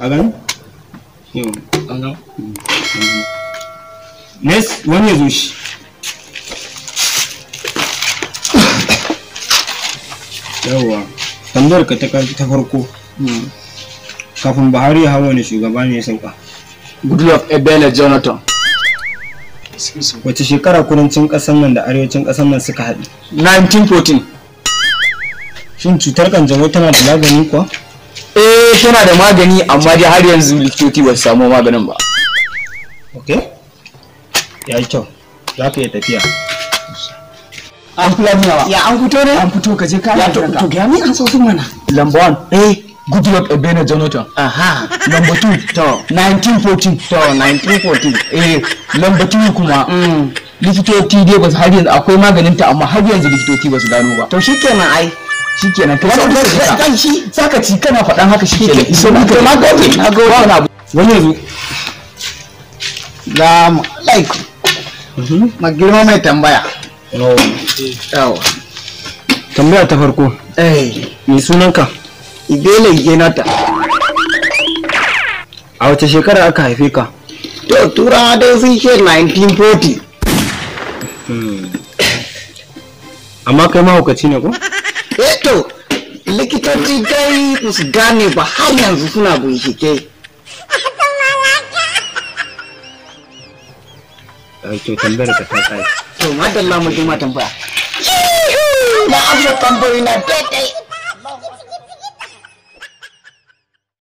a yau mm. wani ya zo shi yawwa tambayar ka ta farko mm. kafin buhari ya hawa ne shugaba ne ya sauka goodluck ebele jonathan wace shekara kudancin kasan nan da arewacin ƙasar nan suka haɗu 1914 shin cutar kanjamau tana da magani kuwa eh tana da magani amma dai har yanzu likitoci ba samu maganin ba ok ya yi kyau za ka iya tafiya an ya an fito ne an fito ka je ka ya to ga ni an sosin mana number 1 eh good luck bene jonathan aha number 2 to 1914 to 1914 eh number 2 kuma mm. likitoci dai ba su har yanzu akwai maganin ta amma har yanzu likitoci ba su gano ba to shikenan ai shi shikenan ka san da kan shi saka ci kana faɗan haka shi shikenan iso na gode na gode Ba abu wani yanzu salamu alaikum magirma mai tambaya yawa tambaya ta farko eh. mai sunanka idela yenata a wace shekara aka haife ka to tura dai sun ce 1940 hmm. amma kai mahaukaci ne ko kyau likitanci dai su gane ba har yanzu suna bincike to tambayar ka ta tsari to madalla mu je ma tambaya na amsa tambayoyi na daidai